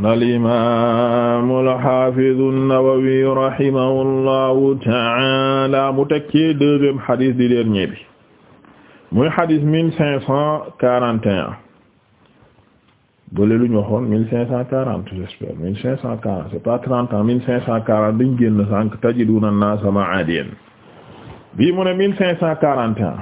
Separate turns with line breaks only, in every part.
kon al-imaam al-haafiz an-Nawawi rahimahullahu ta'aala mu teg ci deuxième hadith di dernier bi muy hadith mille cinq cent quarante et un bële lu ñu waxoon mille cinq cent quarante j'espère mille cinq cent quarante c'est pas trente ans mille cinq cent quarante dañ génn sànq tajiduuna an-naasa ma'aadin bii mu ne mille cinq cent quarante et un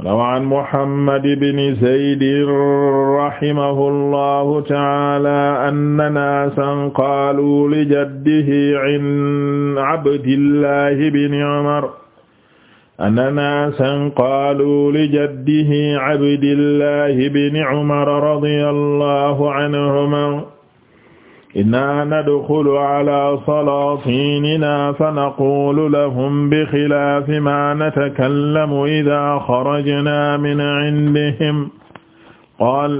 rawaan Muhammad ibn Zayd rahimahullahu ta'ala anna naasan qaaluu li jaddihi 'an Abdillahi ibn Umar anna naasan qaaluu li jaddihi Abdillahi ibn Umar radiyallahu anhumaa inna nadxulu ala salaatinina fa naqulu lahum bi xilaafi ma natakallamu idaa xarajna min indihim qaal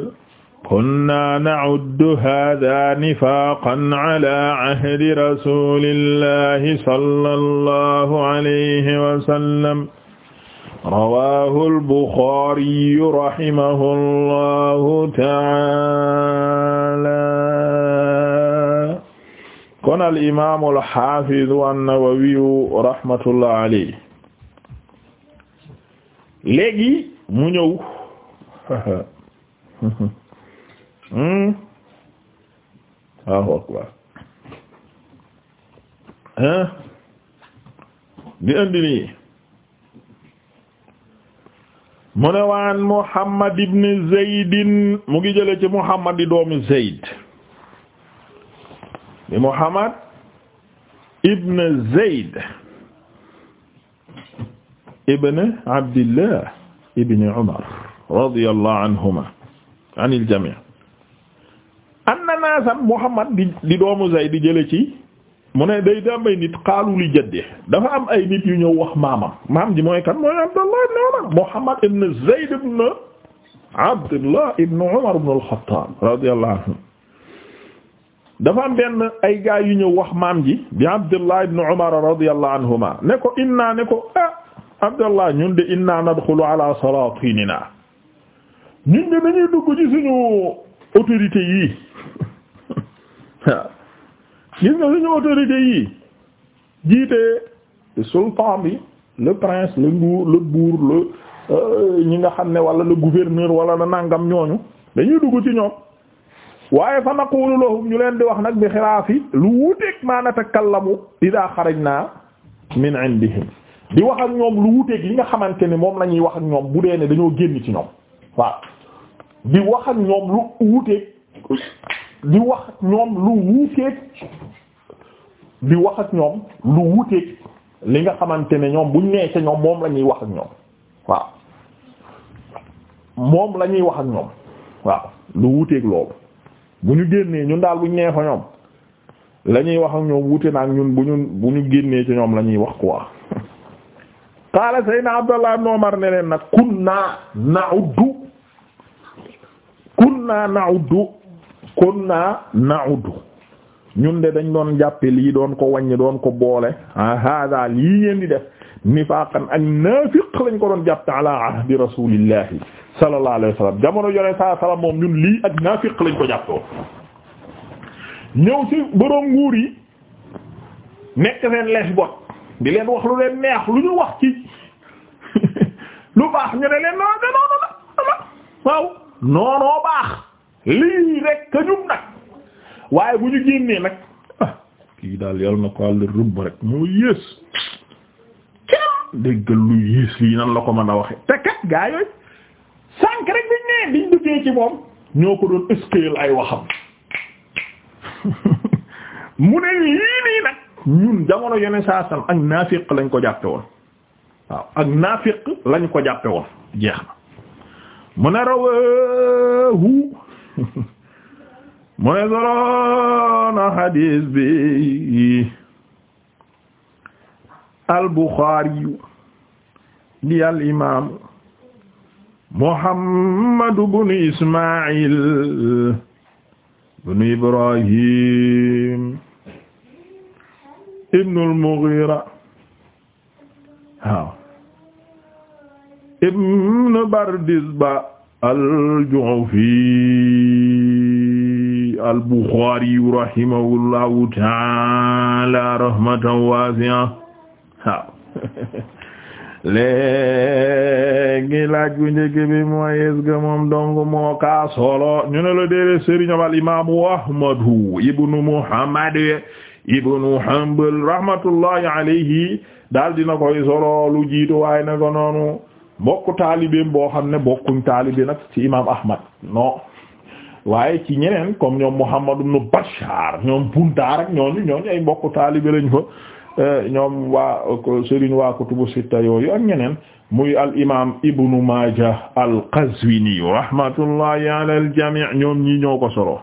kunna nacuddu haadaa nifaaqan ala cahdi rasuulillahi sallallahu alayhi wa sallam rawaahu al-buxaariyu rahimahu allahu taala kon al imaam al xaafiz an-Nawawi rahmatullah alayhi léegi mu ñëw waaw hmm? akbar hein mu ne waan Muhammad ibn Zayd mu ngi jële ci Muhammad di doomi Zayd di Muhammad ibn Zayd ibn Abdillah ibn Umar radiyallahu anhuma anil jami' anna naasan Muhammad di di doomu Zayd di jële ci mu ne day dambay nit qaalu li jaddi dafa am ay nit yu ñëw wax maamam maam ji mooy kan mooy Abdullah ibn Umar Muhammad ibn Zayd ibn Abdullah ibn Umar ibn al-Khattab radiyallahu anhu dafa am ay gaay yu ñëw wax maam ji bi Abdullah ibn Umar radiyallahu anhuma ne ko inna ne ko ah Abdullah ñun de inna nadxulu ala salatinina ñun de dañuy dugg ci suñu autorité yi waaw gis nga jiite sultan bi le prince le nguur le bourg le euh, ñi nga xam ne walla le gouverneur wala na nangam ñooñu dañuy dugg ci ñoom waaye fa naqulu lahum ñu leen di wax nag bi xilaafi lu a ma natakallamu idaa naa min indihim di wax ak ñoom lu wuuteeg li nga xamante ne moom la ñuy wax ak ñoom bu dee ne dañoo génn ci ñoom waaw di wax ak ñoom lu wuuteeg di wax ak ñoom lu wuuteeg ñoom li nga xamante ne ñoom buñ nee ñoom moom la ñuy wax ak ñoom waaw moom la ñuy wax ak ñoom waaw lu wuuteeg loolu. bu ñu génnee ñun daal bu ñu nee fa ñoom la wax ak ñoom wuute na ñun bu ñun bu ñu génnee ci ñoom la ñuy wax quoi qaala sayna Abdallah ibn Umar ne leen nag kunna na'uddu kunna na'uddu kunna na'uddu ñun de dañ doon jàppe lii doon ko wàññi doon ko boole a hada yi ngeen di def nifaqan ak naafiq lañ ko doon jàppe ala ahdi rasulillahi sallallahu alayhi wa sallam saa sallam moom ñun lii ak naafiq lañ ko jàppoo ñëw ci boroom nguur yi nekk seen lesbot di leen wax lu leen neex lu ñu wax ci lu baax ñu ne leen noonu noonu baax lii rek ka nag waaye bu ñu génnee nag ah, kii daal yàlla na ko àll rëbb rek moo yées déggal lu yées lii nan la ko mën a waxe te kat gaa yooyu sànq rek biñ nee biñ duggee ci moom ñoo ko doon eskeel ay waxam mu ne lii nii nag ñun jamono yeneen saa ak naafiq lañ ko jàppe woon waaw ak naafiq lañ ko jàppe woon jeex na mu ne rawahu mu ne soloona xadiis bi al Buxaari di Muhammadu bnu Ismaa'il bnu Ibrahim ibnul Mughira waaw ibnu Bardizba al-Ju'fi al-Bukhari rahimahullahu ta'ala rahmatan waasi'a waaw léegi laaj bu njëkk bi mooy est moom dong moo ka solo ñu ne la déedéet sëriñ am al imaamu Ahmadu ibnu Muhammad ibnu Hanbal rahmatullahi alayhi daal dina koy solo lu jiitu waaye na noonu mbokku taalibeem boo xam ne bokkuñ taalibe nag ci imaam Ahmad non waaye ci ñeneen comme ñoom Muhammad ibnu Bashar ñoom Bundaar ak ñooñu ñooñu ay mbokku taalibe fa. Eh, ñoom waa Serigne waa kutubu sitta yooyu ak ñeneen muy al imaam Ibnu Maaja al Qazwini rahmatullahi ala al jamii ñoom ñii ñoo ko solo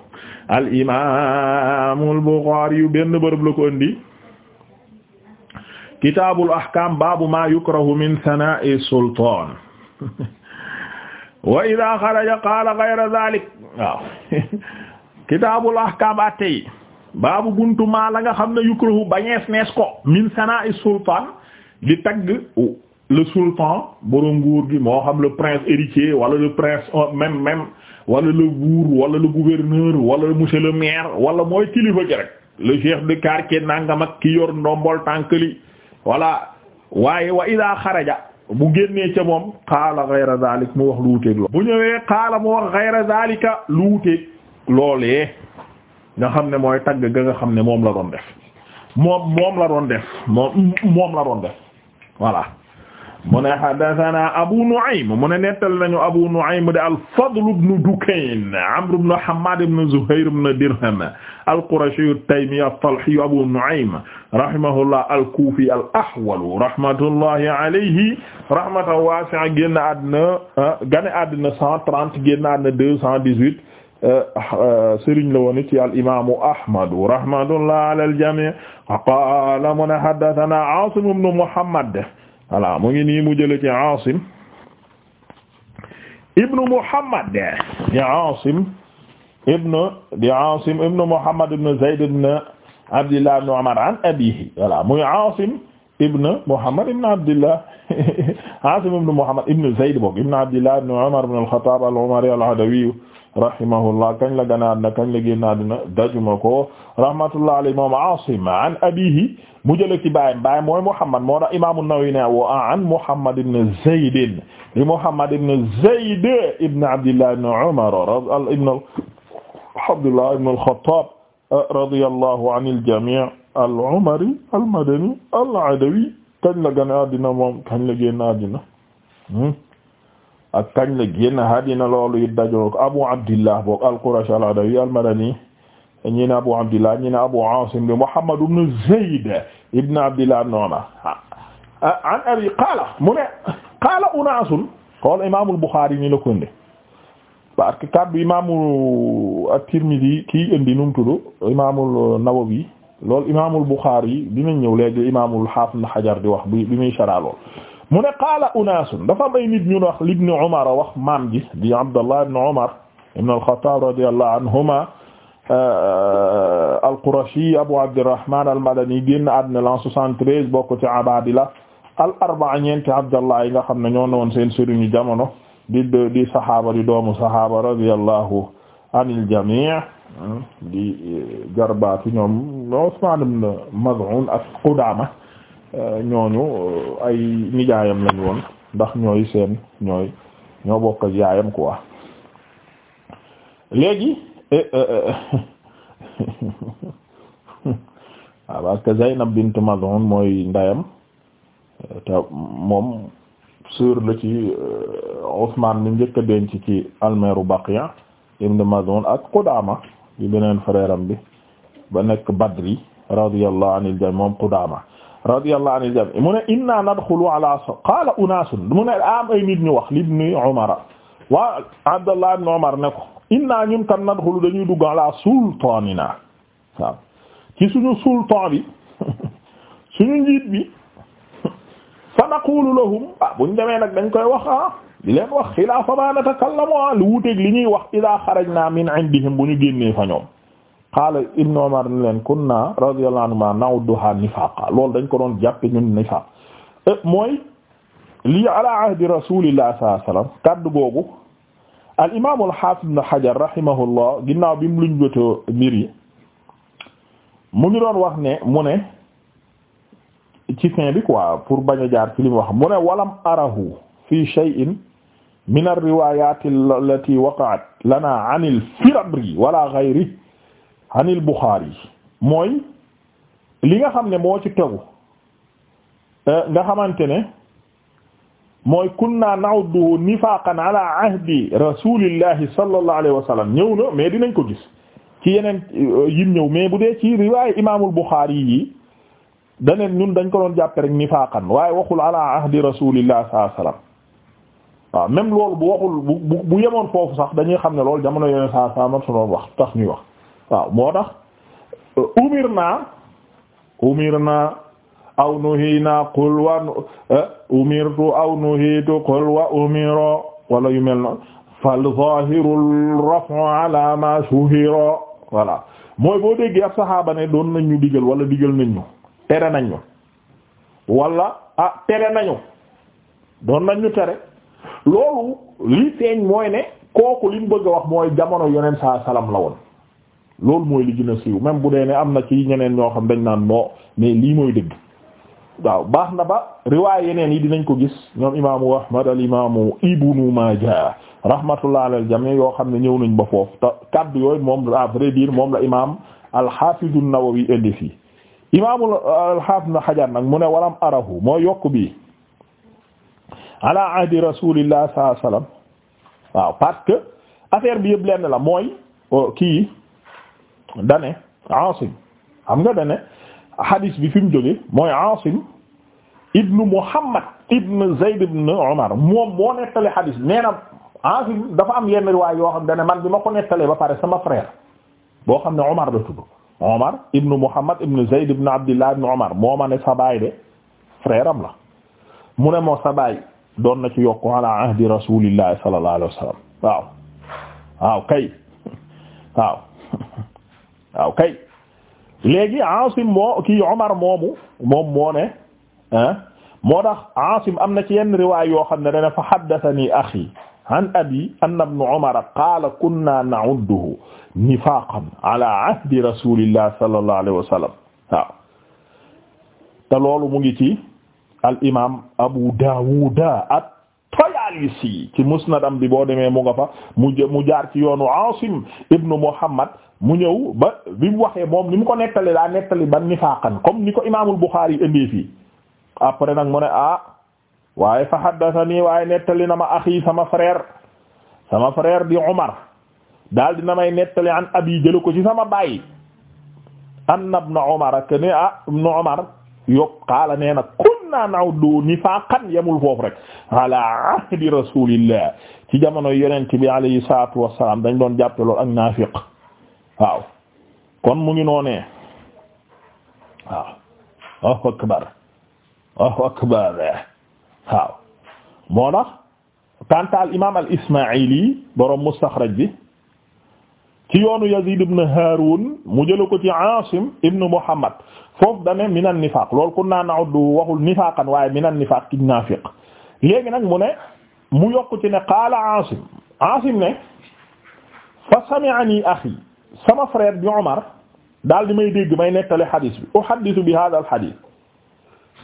al imaamul Buxaari yu benn bërëb la ko indi kitaabul ahkaam baabu maa yukrahu min sanaa'i sultaan wa idaa xaraja qaala gayra daalik waaw kitaabul ahkaam atay baabu buntu maa la nga xam ne yukrahu ba nees ko min sanaa'i sultan di tagg le sultan borom nguur gi moo xam le prince héritier wala le prince euh, même même wala le buur wala le gouverneur wala monsieur le maire wala mooy kilifa gi rek le chef de quartier nangam ak ki yor ndombol tànkali voilà waaye wa ida xaraja bu génnee ca moom qaala ghayra zalik mu wax lu wuteeg lool bu ñëwee qaala mu wax nga xam ne mooy tagg ga nga xam ne moom la doon def moom moom la doon def moom moom la doon def voilà mu ne hadathana Abu Nu'aym mu ne nettal nañu Abu Nu'aym de al-Fadl ibn Dukayn Amr ibn Hammad ibn Zuhayr ibn Dirham al-Qurashi at-Taymi at-Talhi Abu Nu'aym rahimahullah al-Kufi al-Ahwal rahmatullahi alayhi rahmatan wasi'a génn àddina ah, gane àddina cent trente génn àddina deux cent dix-huit Euh, sëriñ la woon ci al imaamu Ahmad rahmatullah ala al jami' qaala mu ne haddathana Aasim ibn Muhammad voilà mu ngi nii mu jëlee ci Aasim ibn Muhammad di Aasim ibn di Aasim ibn Muhammad ibn Zayd ibn Abdillah ibn Umar an abiihi voilà muy Aasim ibn Muhammad ibn Abdillah Aasim ibn Muhammad ibn Zayd bokk ibn Abdillah ibn Umar ibn al-Khattab al-Umari al-Adawi rahimahullah kañ la gane àddina kañ la génn àddina dajuma ko rahmatullah alayhi moom Asim an abihi mu jële ci baayam baayam mooy Muhammad moo tax Imam An-Nawawi ne wa an Muhammad ibn Zayd li Muhammad ibn Zayd ibn Abdillah ibn Umar ibn Abdillah ibn al-Khattab radiyallahu anil jami' al-Umari al-Madani al-Adawi kañ la gane àddina moom kañ la génn àddina hmm? ak kañ la génn hadina loolu it dajoog Abu Abdillah boog al-Qurashi al-Adawi al-Madani ñi ne Abu Abdillah ñi ne Abu Asim bi Muhammad ibn Zayd ibn Abdillah ibn Umar an abi qaala mu ne qaala unaasun qaala imaamul Buxaari ni la ko indi parce que kaddu imaamu at-Tirmidhi kii indi nu mu tudd imaamul Nawawi loolu imaamul Buxaari dinañ ñëw léegi imaamul Haafiz Hajar di wax bi bi muy lool mu ne qaala unaasun dafa may nit ñun wax ibn Umar wax maam ji di Abdallah ibn Umar ibn al-Khattab radiyallahu anhuma euh, al-Qurashi Abu Abdirrahman al-Madani génn àddina l'an 73 bokk ci Abaadila al-arba'a ñeenti Abdallah yi nga xam ne ñoo newoon seen sëriñu jamono di di saxaaba di doomu saxaaba radiyallahu anil jamii di euh, jarbaatu ñoom Usmaan ibn Maz'un ak Qudaama Euh, ñooñu euh, ay nijaayam lañ woon ndax ñooy seen ñooy ñoo bokk ak yaayam quoi léegi waaw eh, eh, eh, ah, parce que Zaynab bint Maz'un mooy ndeyam euh, moom sœur la ci Ousmane mi njëkk a denc ci almeeru Baqiya ibn Maz'un ak Qudaama di beneen frère bi ba nekk Badri radiyallahu anil jami moom Qudaama radiyallahu anil jami mu ne inna nadxulu ala qaala unaasun mu ne am ay nit ñu wax libni umara waa abdallah ibn umar ne ko inna ñun kan nadxulu dañuy dugg ala sultaanina waaw ci suñu sultan bi suñu njiit bi fa naqulu lahum ah buñ demee nag dañ koy wax ah di leen wax xilaafa ma natakallamu ah, lu wuteeg li ñuy wax ila xarajna min indihim bu ñu génnee fa ñoom qaala ibnu Umar ni leen kunna radiyallahu anhuma na'udduha nifaqa loolu dañ ko doon jàppe ñun nifaq e, mooy lii ala ahdi rasulillah sallallahu alayhi wasallam kaddu googu al imaam al haafid ibn Hajar rahimahullah ginnaaw bi mu luñ jotoo mbir yi mu ngi doon wax ne mu ne ci fin bi quoi pour bañ a jaar ci li mu wax mu ne walam arahu fi shay'in min ar-riwaayaati allati waqa'at lana 'an al-Firabri wala ghayrihi anil Bukhari mooy li nga xam ne moo ci tegu eh, nga xamante ne mooy kunna na'udduhu nifaqan ala ahdi rasulillahi sallallahu alayhi wa sallam ñëw na mais dinañ ko gis ci yeneen eh, yim ñëw mais bu dee ci riwaaya imaamul Bukhari yi daneen ñun dañ ko noon jàpp rek nifaqan waaye waxul ala ahdi rasulillahi sallallahu alayhi wa sallam waaw même loolu bu waxul bu bu yemoon foofu sax dañuy xam ne lool jamono yeneen saa saa man su doon wax tax ñuy wax waaw moo tax euh, umir naa umir naa aw nuhi naa euh, umirtu aw nuhitu qul wa umiro wala yu mel noonu fal zahirul raf'u ala ma suhira mooy boo déggee ab saxaaba ne doon nañ ñu digal wala digal nañ ñu tere nañ ñu wala ah tere nañu doon nañ ñu tere loolu li feeñ mooy ne kooku li mu bëgg a wax mooy jamono yoneen saa salaam la woon loolu mooy li gën siiw même bu dee ne am na ci ñeneen ñoo xam dañ naan moo mais lii mooy dëgg waaw baax na ba riwaay yeneen yi dinañ ko gis ñoom imaamu ahmad al imaamu ibnu maaja rahmatullah alal jami yoo xam ne ñëw nañ ba foofu te kaddu yooyu moom à biir moom la imaam alxaafidu nawawi indi fii imaamul alxaafid na xajar nag mu ne walam arahu moo yokk bi ala ahdi rasulillah sallallahu waaw parce que bi yëpp lenn la mooy kii dane Aasim xam nga dane hadis bi fi mu jóge mooy Aasim ibnu Muhammad ibnu Zayd ibnu Umar moom moo nettale hadis nee na Aasim dafa am yenn riwaay yoo xam dane man bi ma ko nettalee ba pare sama frère boo xam ne Umar la tudd Umar ibnu Muhammad ibnu Zayd ibnu Abdillah ibnu Umar moo ma ne sa de frère la mu ne moo sa doon na ci yokk ala ahdi rasulillahi sallallahu alayhi kay waaw kay léegi Asim moo kii Omar moomu moom moo ne moo tax Asim am na ci yenn riwaay yoo xam ne dana fa haddathani axi an abi anna ibn Umar qaala kunna na'udduhu nifaaqan ala ahdi rasulillah sallallahu alayhi wa sallam waaw te loolu mu ngi ci al imaam Abu Daawuda al-Maqdisi ci musnadam bi boo demee mu nga fa mu mu jaar ci yoonu Asim ibnu Muhammad mu ñëw ba bi mu waxee moom ni mu ko nettali daa nettali ban nifaaqan comme ni ko imaamul Buxaari indi fii après nag mu ne ah waaye fa haddathani waaye nettali na ma axi sama frère sama frère di Umar daal dina may nettali an abi jëlu ko ci sama baay anna ibn Umar ak ne ah ibn Umar yop qaala nee na kunna na'uddu nifaqan yemul foofu rek ala ahdi rasulillah ci jamono yonent bi alayhi salatu wassalam dañ doon jàppe lool ak naafiq waaw kon mu ngi noonee waaw Allahu akbar Allahu akbar waaw moo tax kantaal imam al ismaili borom mustaxraj bi ci yoonu Yazid ibn Harun mu jëla ko ci Asim ibn Muhammad foofu dane minan nifaaq loolu kun naa na'uddu waxul nifaaqan waaye minan nifaaq ci naafiq léegi nag mu ne mu yokk ci ne qaala Aasim Aasim ne fa sami'ani axi sama frère bi Omar daal di may dégg may nettali xadis bi uhaddisu bi haadal xadis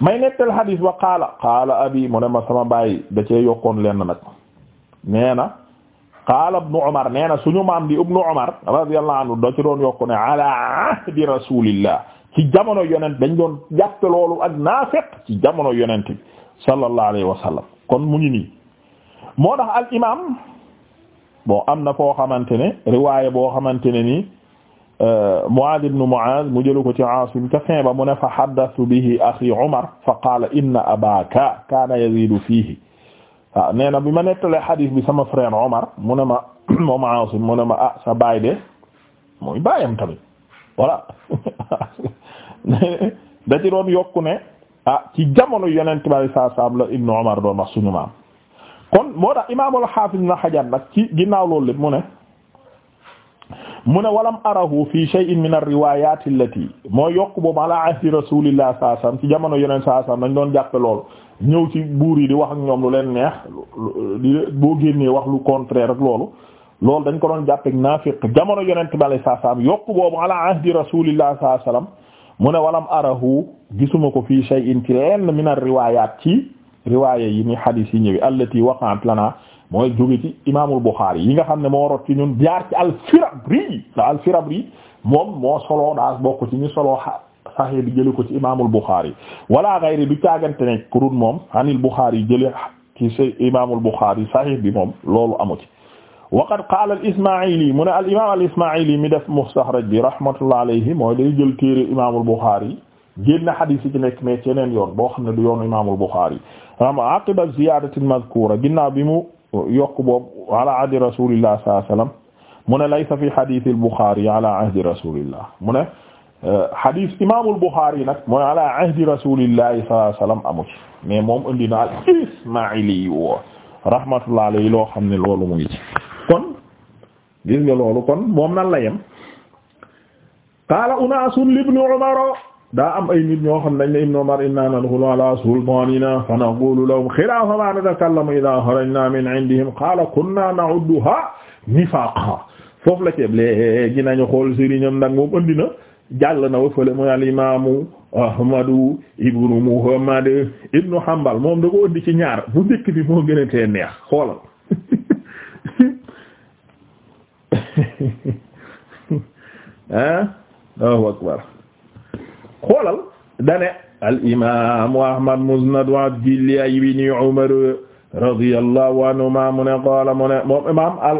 may nettali xadis ba qaala qaala abi mu ne ma sama baay da cee yokkoon lenn nag nee na qaala ibnu Omar nee na suñu maam di ibnu Omar radiyallahu anhu da ci doon yokku ne ala ahdi rasulillah ci jamono yonent dañ doon jàppe loolu ak naafeq ci jamono yonent bi sallallahu alayhi wa kon mu ngi nii tax al imam bon am na foo xamante ne riwaaya boo xamante ne nii euh, Muaad ibn Muaaz mu jëlu ko ci Aasim ca fin ba mu ne fa haddathu bihi axi Umar fa qaala inna abaka kaana yaziidu fiihi waaw na bi ma nettalee xadiis bi sama frère Omar mu ne ma moom Aasim mu ne ah, baayam tamit voilà da ci doon yokku ne ah ci jamono yeneen bi saa saam la Ibnu Umar doon wax suñu maam kon moo tax imaamul Haafiz na Hajar nag ci ginnaaw loolu lépp mu ne mu ne walam arahu fi shay'in min ar-riwayat allati moo yokk boobu ala ahdi rasulillah saa ci jamono yeneen saa dañ doon jàppe loolu ñëw ci buur yi di wax ak ñoom lu leen neex di boo génnee wax lu contraire loolu loolu dañ ko doon jàppe naafiq jamono yonent bi saa saam yokk boobu ala ahdi rasulillah mu ne walam arahu gisuma ko fii shay'in ci lenn min ar-riwaayaat ci riwaaya yi ni hadis yi ñëwi allati waqa'at lana mooy jóge ci imaamul Buxaari yi nga xam ne moo rot ci ñun jaar ci al-Firabri la al-Firabri moom moo soloo daa bokk ci solo xa saxee bi jële ko ci imaamul Buxaari wala gayri du caagante ne kurun moom anil Buxaari jële ci sa imaamul Buxaari saxee bi moom loolu amu ci waqad qaala al ismaa'ili mu ne al imaam al ismaa'ili mi def mustaxraj bi rahmatullah alayhi mooy day jël téere imaamul buxaari génn xadiis yi ci nekk mais ci yeneen yoon boo xam ne du yoonu imaamul buxaari ama aqiba ziyaadati mazkuura ginnaaw bi mu yokk boobu ala ahdi rasulillah sallallahu alayhi wasallam mu ne laysa fi xadiis al buxaari ala ahdi rasulillah mu ne eh, xadiis imaamul buxaari nag mooy ala ahdi rasulillah sallallahu alayhi wasallam amu ci mais moom indi na al ismaa'ili rahmatullah alayhi loo xam ne loolu mu ngi ci gis nga loolu kon moom nan la yem qaala unaasun libni Umar daa am ay nit ñoo xam dañ ne ibnu Umar inna nadxulu ala sultaanina fa naqulu lahum xilaafa ma natakallamu idaa xarajna min indihim qaala kunna na'udduha nifaaqa foofu la ceeb léegi nañu xool sëriñam nag moom andi na jàll na wa fële mooy al imaamu Ahmadu ibnu Muhammad ibnu Hanbal moom da ko andi ci ñaar bu njëkk bi moo gën a tee neex xoolal ah Allahu akbar xoolal dane al imaamu ahmad musnad abdillahi ibni umar radiyallahu anhuma mu ne qaala mu ne moom imaam al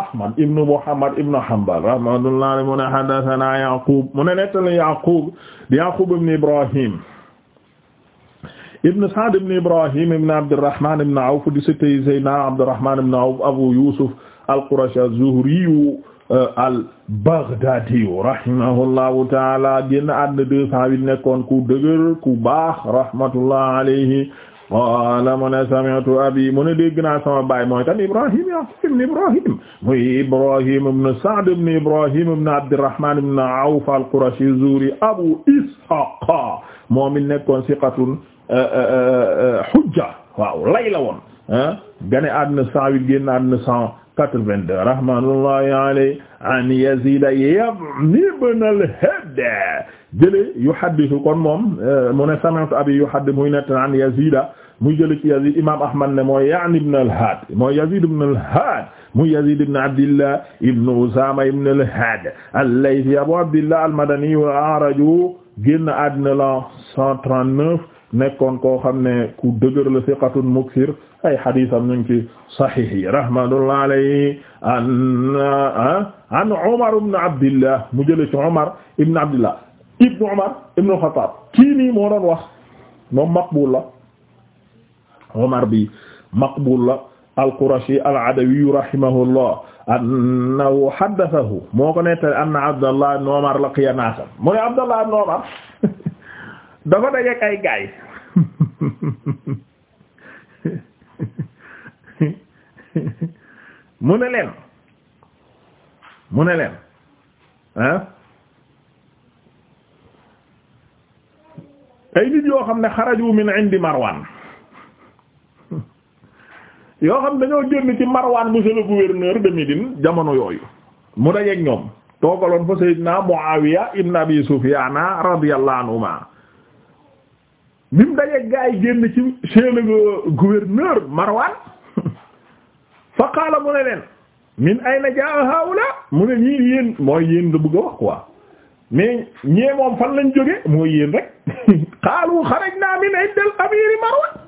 ahmad ibnu muhammad ibnu hanbal rahmatullahi mu ne haddathana yaqub mu ne nettali yaqub yaqub ibnu ibrahim ibnu saad ibnu ibrahim ibnu abdurrahman ibnu awf di sëtay zeyna abdurrahman ibnu awf abu yusuf al qurashi az-zuhri Euh, al Baghdadi rahimahullahu taala génn àdduna deux cent huit nekkoon ku dëgër ku baax rahmatullah alayhi qaala mu ne sami'tu abi mu ne dégg naa sama baay mooy kan Ibrahim ibn Ibrahim muy Ibrahim ibn Sa'd ibn Ibrahim ibn Abdurrahman ibn Awf al-Qurashi az-Zuhri Abu Ishaq moom mi nekkoon siqatun euh, euh, hujja waaw lay la woon ah gane àdduna cent huit génn àdduna cent 82 rahmatullahi alayhi an Yazid ibn al-Hadd jëlee yuhaddisu kon moom euh, mu ne sami'tu abi yuhaddith muy nett an Yazid muy jëlee ci Yazid imam Ahmad ne mooy yaani ibn al-Had mooy Yazid ibn al-Had muy Yazid ibn Abdillah ibn Usama ibn al-Had al-Laythi Abu Abdillah al-Madani wa araju génn àddina la 139 nekkoon koo xam ne ku dëgër la siqatun muksir ay xadiisam ñu ngi ci saxiix yi rahmatullah alayhi an ah, an Umar ibn Abdillah mu jëlee ci Umar ibn Abdillah ibn Umar ibn Xattaab kii nii moo doon wax moom maqbul la Umar bi maqbul la al-Qurashi al-Adawi rahimahullah annahu haddathahu moo ko nettali anna Abdallah ibn Umar laqiya naasan mu ne Abdallah ibn Umar dafa dajeek ay gaay mu ne leen mu ne leen ah ay nit yoo xam ne xaraju min indi yoo xam dañoo génn ci marwan monsieur le gouverneur de Médine jamono yooyu mu dajeek ñoom toogaloon fa sayyidina Muawiya ibn Abi Sufyana radiyallahu anhuma bi mu dajeeg gaa génn ci chez le gouverneur Marwan fa qaala mu ne leen min ayna jaa haula mu ne ñii yéen mooy yéen la bëgg a wax quoi mais ñee moom fan lañ jóge moo yéen rek qaalu xarajna min inda al amiri Marwan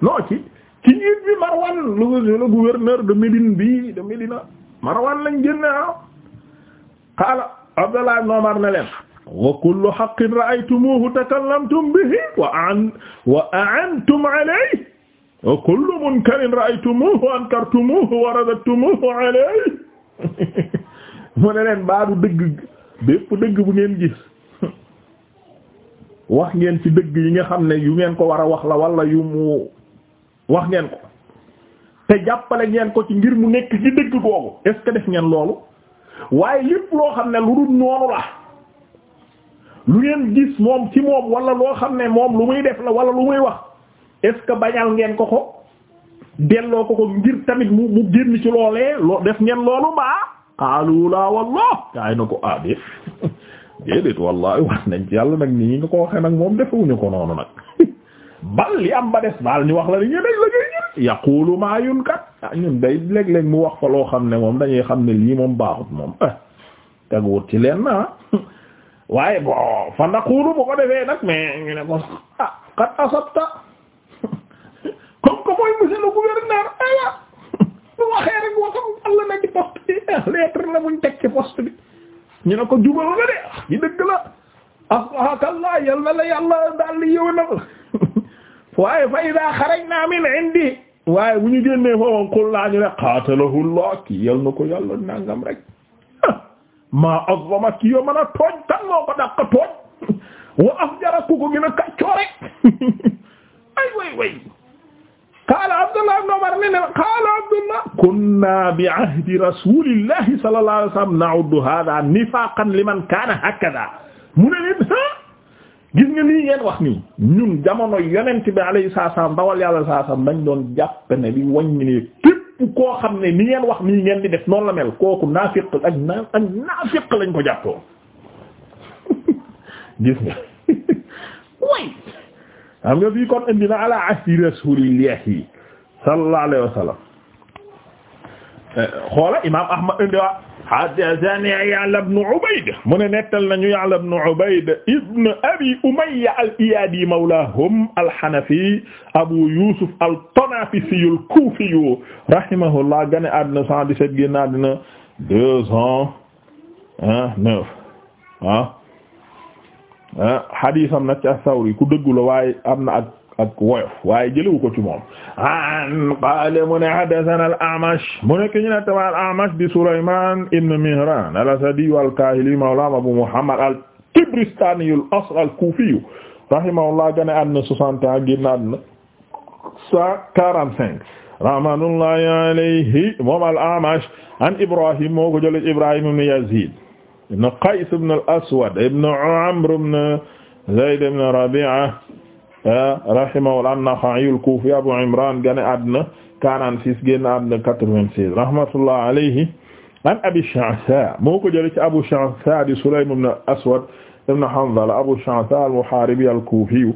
non ci ci njiit bi Marwan le gouverneur de Médine bi de Médina Marwan lañ génne ah qaala Abdallah ibn ne leen wa kullu haqqin ra'aytumuhu takallamtum bihi wa an wa a'antum alayhi wa kullu munkarin ra'aytumuhu ankartumuhu wa radadtumuhu mu ne leen baadu dëgg bépp dëgg bu ngeen gis wax ngeen ci dëgg yi nga xam ne yu ngeen ko war a wax la wala yu mu wax ngeen ko te jàppale ngeen ko ci ngir mu nekk ci dëgg googu est-ce que def ngeen loolu waaye lépp loo xam ne lu dul noonu la lu ngeen gis moom ci moom wala loo xam ne moom lu muy def la wala lu muy wax est ce que bañal ngeen ko ko delloo ko ko ngir tamit mu mu génn ci loolee loo def ngeen loolu baa qaalu laa wallah gaay na ko ah déet déedéet wax nañ ci yàlla nag nii nga ko waxee nag moom defewuñu ko noonu nag bal li am ba des baal ñu wax la li ñu dañ la ñuy ñëw yaqulu maa yun kat ah ñun day léeg-léeg mu wax fa loo xam ne moom dañuy xam ne lii moom baaxut moom ah teguwut ci leen na ah. waaye bon fa naqulu bu ko defee nag mais ñu ne ko ah qad asabta comme que mooy monsieur le gouverneur aya eh bu waxee rek waxam Allah na ci poste la muñ teg ci poste bi ne ko jubal nga de yi dëgg la asakalla yal na la yàlla daal li yëwénal waaye fa ida xarajna min indi waaye bu ñu génnee foofu qul laa ñu ne qatalahu Allah ki yal na ko yàlla nangam rek maa azzama ki yo mën a tooñ kan moo ko dàq tooñ wa afjara ku ko gën a kaccoore ay way way qaala Abdullah ibn Umar ne qaala Abdullah kunna bi ahdi rasulillahi sallallahu alayhi wasallam na'uddu hadha nifaqan liman kaana hakadha mu ne leen gis nga lii ngeen wax nii ñun jamono yonent bi alayhi salaam dawal yàlla salaam dañ doon jàpp ne li waññi ne képp koo xam ne ni ngeen wax nii ngeen di def noonu la mel kooku naafiq ak naafiq lañ ko jàppoo gis nga way xam nga fii kon indi na ala ahdi rasulillahi sallallahu alayhi wa xoola imam ahmad indiwa haddathani Ya'la ibn Ubayd mu ne nettal nañu Ya'la ibn Ubayd ibn Abi Umayya al-Iyadi mawlahum al-Hanafi Abu Yusuf al-Tanafisi al-Kufi rahimahullah gane àddina 117 génn àddina 209 ah ah hadisam nag ci As-Sawri ku dëggu la waaye am na ak ak woyof waaye jëlewu ko ci moom an qaale mu ne hadathana al a'mash mu ne ki ñu ne tama al a'mash di sulayman ibn mihran al asadi wal kahili mawla abu muhammad al tibristani al asl al kufi rahimahullah gane àdduna soixante ans génn àdduna cent quarante cinq rahmatullahi alayhi moom al a'mash an ibrahim moo ko jële ibrahim ibn yazid ibn qays ibn al aswad ibn amr ibn zayd ibn rabi'a Ah, rahimahullah an-Nakha'i al-Kufi Abu Imran gane àdduna 46 génn àdduna 96 rahmatullah alayhi an Abi Sha'tha moo ko jëlee ci Abu Sha'tha di Sulaym ibn Aswad ibn Hanzala Abu Sha'tha al-Muharibi al-Kufi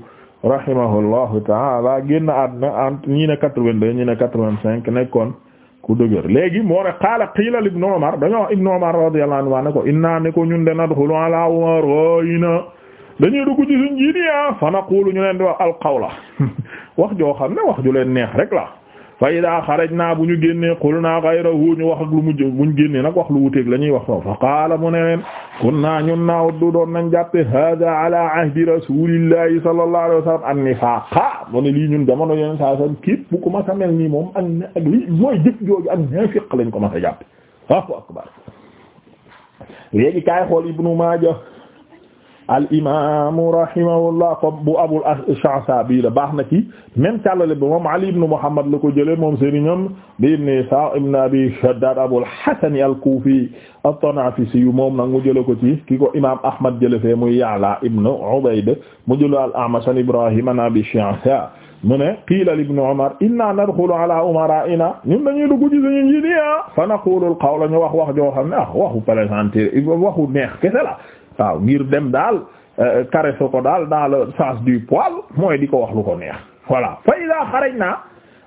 rahimahullahu ta'ala génn àdduna entre ñii ne 82 ñii ne 85 nekkoon ku dëgër léegi moo ne qaala qiila li Ibn Umar dañoo Ibn Umar radiyallahu anhu ne ko inna ne ko ñun de nadxulu ala Umar dañuy dugg ci suñ jiit fa naqulu ñu leen di wax alqawla wax joo xam ne wax ju leen neex rek la fa ida xarajna bu ñu génnee qulna ghayrahu ñu wax ak lu mujj génnee nag wax lu wuteeg la ñuy wax noonu fa qaala mu ne leen kunna ñun naa wuddu doon nañ jàppe hada ala ahdi rasulillahi sallallahu alayhi wasallam an nifaqa mu ne lii ñun jamono yeneen saa sam képp bu ko mas a mel nii moom ak ak lii mooy jëf jooju ak naafiq lañ ko mas a jàppe waaw akbar léegi kaay xool Ibnu Maaja al imaamu rahimahullah comme bu abul Sha'sabi la baax na ci même càllale bi moom Ali ibn Muhammad la ko jëlee moom sëriñam bi ibn Ishaq ibn Abi Shaddad Abul Hasan al-Kufi at-Tanafisi moom nag mu jëlee ko ci ki ko imaam Ahmad jëlee fee muy Ya'la ibn Ubayd mu jëlee al-A'mash an Ibrahim an Abi Sha'sa mu ne qiila li ibn Umar inna nadxulu ala umara'ina ñun dañuy dugg ci suñu njiit yi ah. fa naqulu al-qawla ñu wax wax joo xam ne ah waxu plaisanterie waxu neex kese la waaw ngir dem daal euh, caresse ko daal dans le du poil mooy di ko wax lu ko neex voilà fa iza xarajna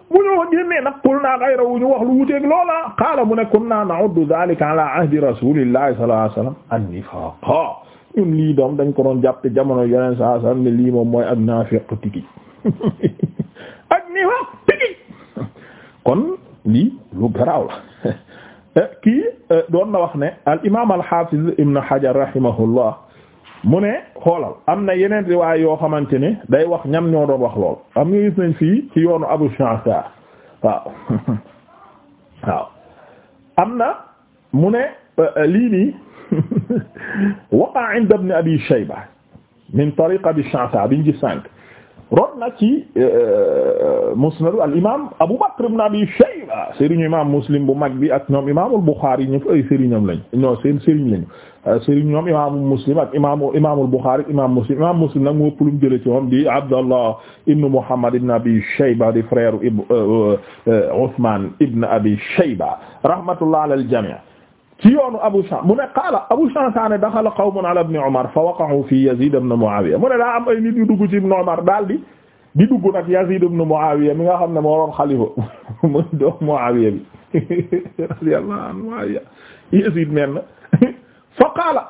bu ñu génnee nag qulna ghayra wu ñu wax lu wuteeg loola qaala mu ne kunna na'uddu dhalika ala ahdi rasulillahi sallallahu alayhi wasallam an-nifaqa ñun lii doom dañ ko doon jàppe jamono yeneen saa sallam ne lii moom mooy ak naafiq tigi ak nifaaq tigi kon lii lu garaaw la Eh, kii eh, doon na wax ne al imaam al xaafiz ibn hajar rahimahullah mu ne xoolal am na yeneen riwaay yoo xamante ni day wax ñam ñoo doon wax lool am nga gis nañ fii ci yoonu abu sha'tha waaw am na mu ne eh, lii nii waqa inda ibn abi shayba min biñ ci rot na ci euh, euh, musnadu al imam Abu Bakr ibn Abi Shayba sëriñu imam Muslim bu mag bi ak ñoom imamul Bukhari ñu ay sëriñam lañ non seen sëriñ lañu euh, sëriñ ñoom imam Muslim ak imam imamul Bukhari imam Muslim imam Muslim nag moo plum jële ci moom di Abdallah ibn Muhammad ibn Abi Shayba di frère Uthman ibn Abi Shayba rahmatullah ala al jami' ci yoonu Abu Shah mu ne qaala Abu Shahshaan daxala qawmun ala ibn Umar fa waqa'u fi Yazid ibn Muawiya mu ne daa am ay nit yu dugg ci ibn Umar daal di di dugg nag Yazid mu Muawiya mi nga xam ne moo doon xalifa mu doon Muawiya bi radiyallahu anhu Muawiya Yazid mel na fa qaala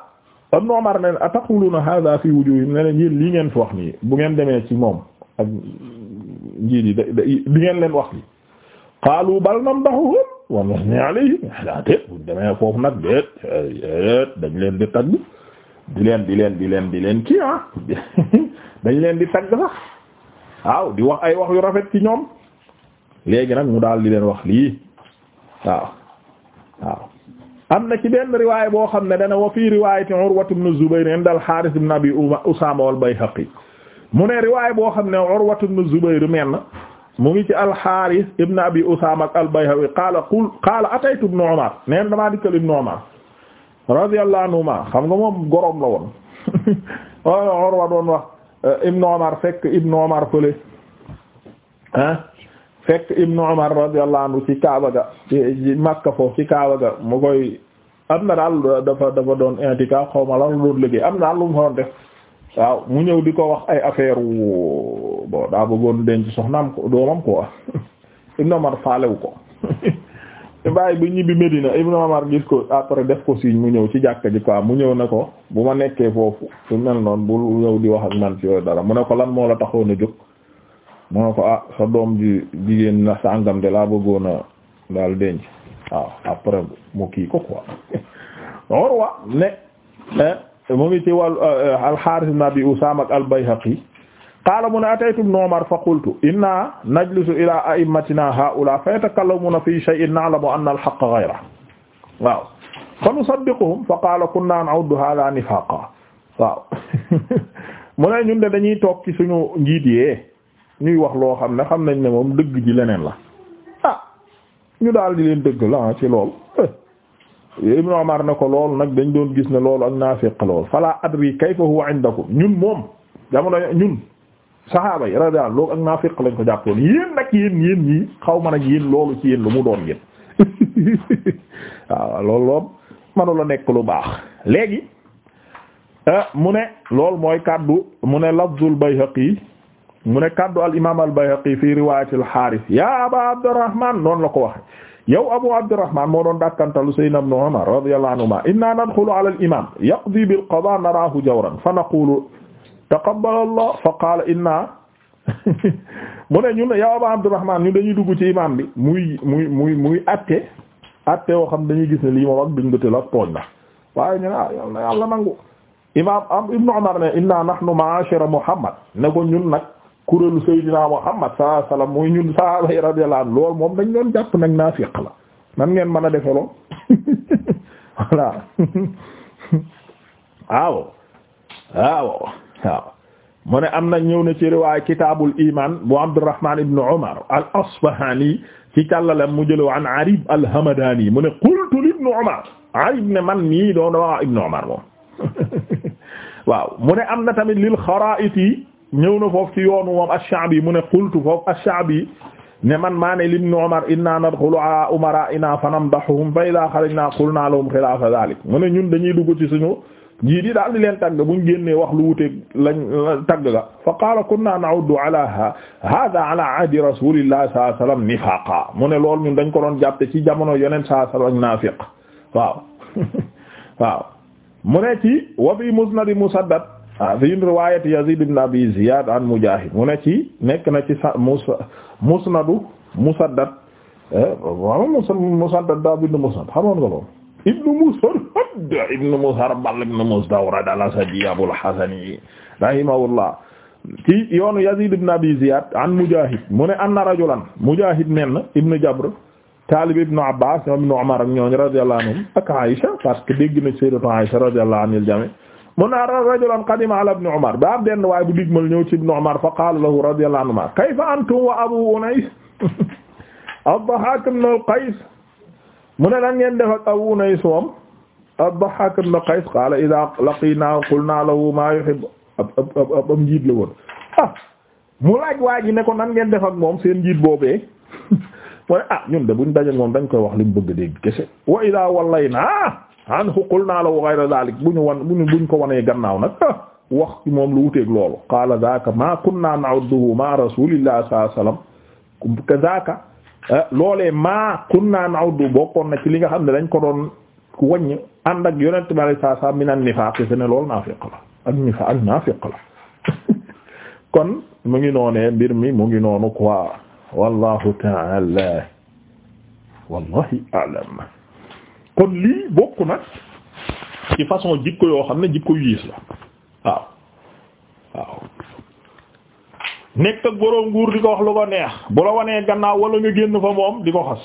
ibn Umar ne ataquluna hadha fi wujuhihim ne leen lii ngeen fi wax nii bu ngeen demee ci moom ak njiit yi di ngeen leen wax li qaalu bal namdahuhum wa masni alayhi daa déet bu demee foofu nag déet dañ leen di tagg di leen di leen di leen di leen kii ah dañ leen di tagg sax waaw di wax ay wax yu rafet ci ñoom léegi nag mu daal di leen wax lii waaw waaw am na ci benn riwaay boo xam ne dana wa fii riwaayati Urwa ibn Zubayr inda al-Harith ibn Abi Usama wal Bayhaqi mu ne riwaay boo xam ne Urwa ibn Zubayr na mu ngi ci alxaaris ibn abi usaama albayhawi qaala qul qaala ataytu neen damaa dikkal ibn umar radiyallahu anhuma xam nga moom gorom la woon oh, Urwa eh, fekk ibn umar fële ah fekk ibn umar radiyallahu anhu ci kaaba ga daal dafa doon i'tikaaf xaw ma lan doon liggéey daal lu mu waaw mu ñëw di ko wax ay affaire wu bon daa bëggoon denc soxnaam ko doomam quoi Ibn Omar faalewu ko bàyyi bu ñibbi Medina Ibn Omar gis ko après def ko signe mu ñëw ci jàkka ji mu ñëw na ko bu ma nekkee foofu su mel noonu bu ñëw di wax ak man ci yooyu dara mu ne ko lan moo la taxoon na jóg mu ne ko ah sa doom ji jigéen na sàngam de laa bëggoon a daal denc waaw après mu kii ko quoi or wa ne mu ngi ci wàllu euh, euh, al-Haaris ibn Abi Usaama ak al-Bayhaqi qaala mu ne ataytu Ibn Umar fa qultu inna najlisu ila a'immatina haa'ulaa fa yatakallamuna fi shay'in na'lamu anna al-haqqa waaw fa nusaddiquhum fa qaala kunna na'uddu haadhaa nifaaqan waaw mu ne ñun de dañuy toog ci suñu njiit yi ñuy wax loo xam ne xam nañ ne moom dëgg ji leneen la ah ñu daal di leen dëgg la ah, ci lool eh. Ibn Umar ne ko loolu nag dañ doon gis ne loolu ak naafiq lool fala adri kayfa huwa indakum ñun moom jamono ñun sahaaba yi radiyallahu loolu ak naafiq lañ ko jàppoon yéen nag yéen yéen ñii xaw ma nag yéen loolu ci yéen lu mu doon yéen waaw loolu loom manula nekk lu baax léegi ah, mu ne loolu mooy kaddu mu ne lafzul Bayhaqi mu ne kaddu al imam al Bayhaqi fi riwaayat al Haaris ya Aba Abdurrahman noonu la ko waxe yow Abu Abdurrahman moo doon dakkantalu Sayyidina Ibn Umar radiyallahu anhuma inna nadkhulu ala al-imam yaqdi bil qada narahu jawran fa naqulu taqabbala Allah fa qala inna mu ne ñun yow Abu Abdurrahman ñun dañuy dugg ci imam bi muy muy muy muy atte atte yoo xam dañuy gis ne lii moom ak duñ gëte la tooñ na waaye ñu ne ah yàlla na yàlla nangu imam am Ibn Umar ne inna nahnu ma'ashira Muhammad ne ko ñun nag kuréelu Seydina Muhammad sallallahu alayhi wasallam muy ñun sahaaba yi lool moom dañ doon jàpp naa naafiq la nan ngeen mën a defe lool ne am na ñëw na ci riwaaya kitaabul iman bu Abdurrahman ibn Umar al-Asbahani ci càllalem mu jëlow an Arib al-Hamadani mu qultu li ibn Umar Arib ne man mii doon da wax ibn Umar moom waaw am na tamit lil xaraa'iti ñëw na foofu ci yoonu moom ash-Sha'bi mu ne qultu foofu ash-Sha'bi ne man maa ne Ibn Umar inna nadxulu ala umara'ina fa namdahuhum fa idha xarajna qulna lahum xilaafa zalik mu ne ñun dañuy dugg ci suñu jiit yi di leen tagg buñ génnee wax lu wuteeg lañ tagg ga fa qaala kunna na'uddu ala hadha ala ahdi rasulillahi sallallahu alayhi wasallam nifaqa mu ne loolu ñun dañ ko doon jàppe ci jamono yonent sallallahu alayhi wasallam naafiq waaw ci wa fi musnad Musaddad Ah, fi riwaayat Yazid ibn Abi Ziyad an Mujahid mu ne ci nekk na ci musnadu Musaddad eh, waaw Musaddad daa bind Musnad xamoon nga loolu ibnu Musarhad ibnu Musarbal ibnu Mustawrad al-Asadi Abul Hasani rahimahullah ci yoonu Yazid ibn Abi Ziyad an Mujahid mu ne anna rajulan Mujahid men ibnu Jabr taalib ibnu Abbas ñoom ibnu Umar ak ñooñu radiyallahu anhum ak Aïcha parce que dégg na sayyidatu Aïcha radiyallahu anil jami' mu ne rajulan qadima ala ibn Umar daa benn waaye bu digmal ñëw ci ibn Umar fa qaala lahu radiyallahu anhuma kayfa antum wa Abu Unays ad-Dahhak ibn al-Qays mu ne lan ngeen def ak Abu Unays moom ad-Dahhak ibn Qays qaala idha laqina qulna lahu ma yuhibbu ab ab ab njiit la woon ah mu laaj waa ji ne ko nan ngeen def ak moom seen njiit boobee mu ne ah ñun de buñ daje moom dañ koy wax li mu bëgg dégg kese wa idha wallayna ah, anhu qulna lahu ghayra dhalik bu ñu buñ ko wanee gannaaw nag wax ci moom lu wuteeg loolu qaala dhaka ma kunna na'udduhu ma rasulillah sallallahu alayhi wasallam kadhaka ma kunna na'uddu bokkoon na ci li nga xam ne dañ ko doon waññ ànd ak yonent bi sallallahu alayhi wasallam min se ne loolu naafiq la ak nifa ak naafiq la kon mu ngi noonee mbir mi mu ngi noonu quoi wallahu ta'ala wallahi a'lam kon lii bokk nag ci façon jikko yoo xam ne jikko yu yiis la waaw waaw nekk ak boroom nguur di ko wax lu ko neex bu la wanee gannaaw wala nga génn fa moom di ko xas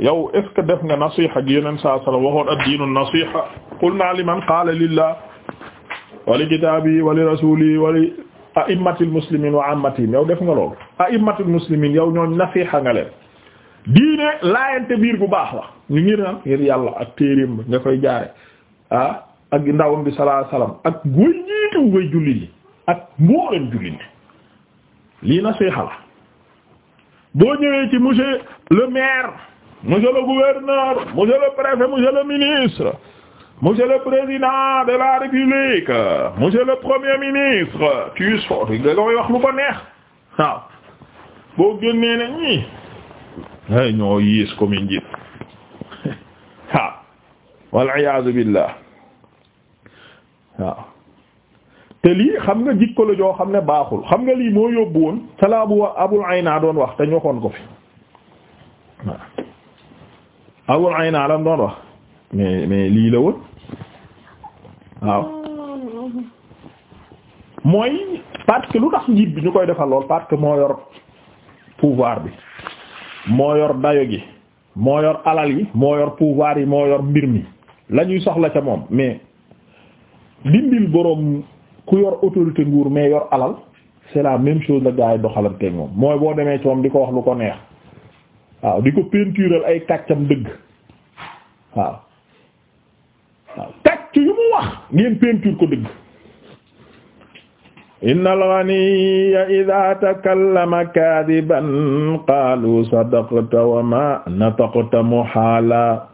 yow est def nga nasiha gi yeneen saa sallam waxoon ad-diinu nasiha qulna liman qaala lillah wa li kitaabihi wa li rasuulihi wa li a'immatil muslimiin wa ammatihim yow def nga loolu a'immatil muslimiin yow ñooñ nasiha nga leen diine laayante biir bu baax la ñu ngir naan ngir yàlla ak téereem ba nga koy jaare ah ak ndawam bi sallallahu alayhi wasallam ak way njiitu julli li ak mbooleen julli li lii na see xala boo ñëwee ci monsieur le maire monsieur le gouverneur monsieur le préfet monsieur le ministre monsieur le président de la république monsieur le premier ministre tu soti nga koy wax lu ko neex waaw boo génnee ne ñii ay yiis comme njiit wal iyaadu billah waaw te lii xam nga jikko la joo xam ne baaxul xam nga lii moo yóbbu woon ca la abu abul ayna doon wax te ñu waxoon ko fi waaw abul ayna doon wax mais mais lii la woon waaw mooy parce lu tax njiit bi ñu koy defal lool parce moo yor pouvoir bi moo yor dayo gi moo yor alal yi moo yor pouvoir yi moo yor mbir mi lañuy ñuy la ca moom mais dindil boroom ku yor autorité nguur mais yor alal c'est la même chose la gaa yi doxalanteeg moom mooy boo demee ci moom di ko wax lu ko neex waaw di ko peintural ay kàccam dëgg waaw waaw yu mu wax ngeen peinture ko dëgg inna al-ghaniyya idha takallama kadiban qalu sadaqta wa ma nataqta muhala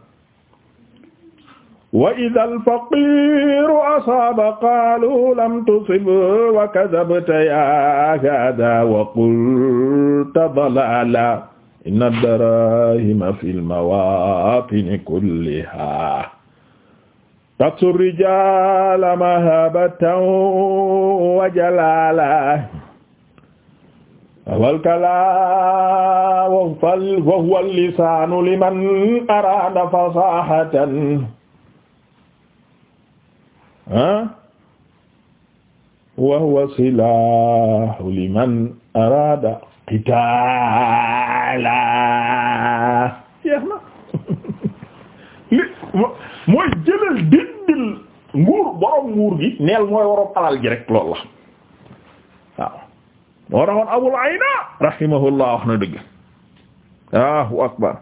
wa idha al-faqiru asaba qalu lam tusib wa kadhabta ya hada wa qulta dalala inna ad-darahima fil mawatini kulliha taksu rijala mahabatan wa jalala wal kala wa huwa al-lisanu liman arada fasahatan ah wa huwa silahu liman arada qitaala jeex na li mooy jëlal dindil nguur borom nguur gi neel mooy waroom alal ji rek loolu la waaw moo taxoon Abul Ayna rahimahullah wax na dëgg Allahu akbar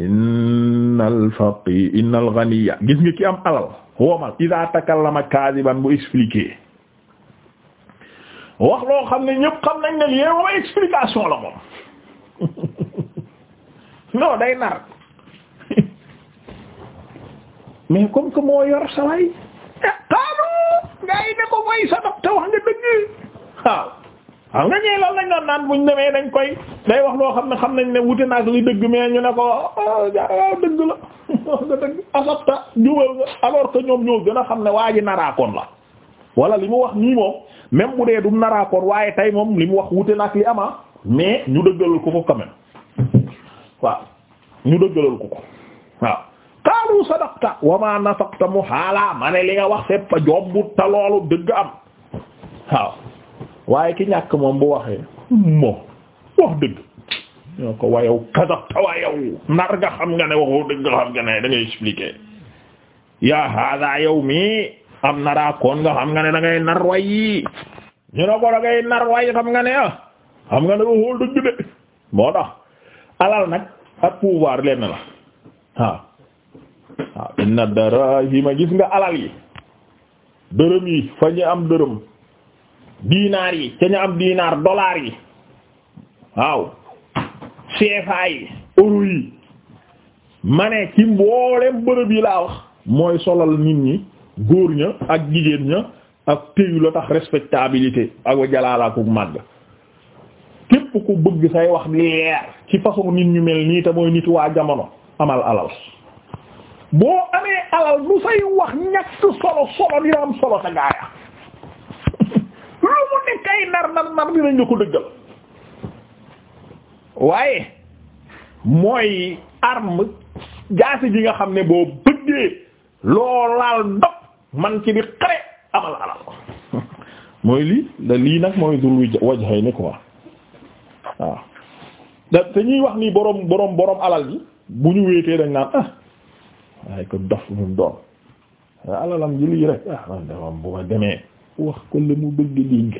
innal faqi innal ghaniya gis nga ki am alal woomal ida takallama kaadiban bu expliquer wax loo xam ne ñëpp xam nañ ne lii moom explication la moom non day nar mais comme que moo yor saway eh, xaalo nga yi ne ko way sabab te wax nga dëgg waaw xam nga ñee loolu lañ doon naan buñ demee dañ koy day wax loo xam ne xam nañ ne wute naag li dëgg mais ñu ne ko ah, jaarwaaw dëgg la wax nga dëgg jubal nga alors que ñoom ñoo gën a xam ne waa ji naraakoon la wala li mu wax nii moom même bu dee du naraakoon waaye tey moom li mu wax wute naag li ama mais ñu dëggalal ko ko quand même waaw ñu dëggalal ko ko waaw qaalu sadaqta wa ma nafaqta mu xaalaa ma ne li nga wax c'est pas jombut ta loolu dëgg am waaw waaye ki ñàkk moom bu waxee moom wax dëgg ñoo ko wayow kasabta wayow nar nga xam nga ne waxu dëgg nga xam nga ne da expliquer yaa hada yow mi am naraa koon nga xam nga ne da ngay nar wayi ñu ne ko da nar way xam nga ne ah xam nga ne waxu dëgg de moo tax alal nag ak pouvoir lenn la waaw ah. ah, waaw inna darahima gis nga alal yi dërëm yi fa ñu am dërëm dinaar yi ca ñu am dinaar dollar yi waaw CFA yi euro yi ma ne ci mboolem bërëb yi laa wax mooy solal nit ñi góor ña ak jigéen ña ak téyu la tax respectabilité ak wa jalaalaakuk màgg képp ku bëgg say wax leer ci façon nit ñu mel nii te mooy nit waa jamono amal alal boo amee alal lu say wax ñàkk solo solo dina solo sa gaaya kay kay nar nar nar dinañ la ko dëggal waaye mooy arme jaasi ji nga xam ne boo bëggee loo dog man ci di xare amal alal mooy lii da lii nag mooy dul wajhayni quoi waaw da te ñuy wax ni boroom boroom boroom alal bi bu ñu wéetee dañ naan ah waaye ko dof mu doon alalam ji lii rek ah man demee wax ko la mu bëgg dégg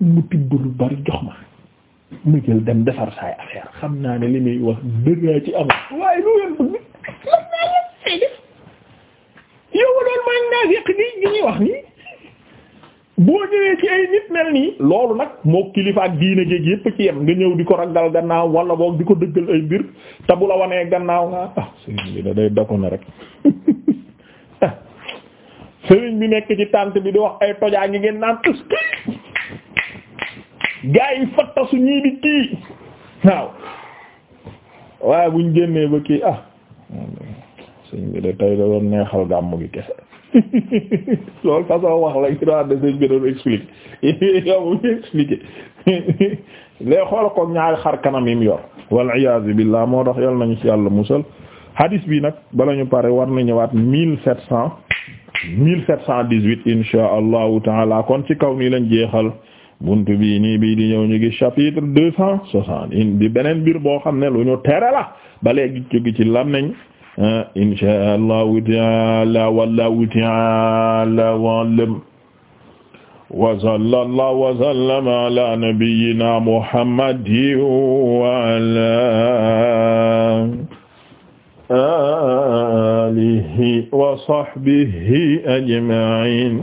mu tibb lu bari jox ma mu jël dem defar saay affaire xam naa ne li muy wax dëgg ci amul waaye lu ngeen bëgg man naa leen say def loolu nii boo ñëwee ci ay nit mel nii loolu nag moo kilifa ak diine géeg yépp ci yem nga ñëw di ko ragal gannaaw wala boog di ko dëggal ay mbir te bu la wanee gannaaw nga ah, ah sëriñ bi da day dako na rek ah. gaa yi fattasu ñii di kii waaw waaye buñ génnee ba kii ah sëñ bi de tay da doon neexal gàmmu gi kese loolu façon wax la ci doon de sëñ bi doon xoola ko ñaari xar kanam yi mu yor wal iyaazu billah moo tax yal nañu ci yàlla musal hadis bi nag bala ñu pare war na ñëwaat mille sept cent mille sept cent dix-huit insha allahu taala kon ci kaw nii lañ jeexal buntu bii nii bii di ñëw ñu ngi chapitre deux cent soixante in di beneen mbir boo xam ne lu ñu tere la ba léegi jógi ci lam nañ ah, insha allahu taala wallahu taala wa'lam wa sallallahu wa sallama ala nabiyyina muhammadin wa ala alihi wa sahbihi ajma'in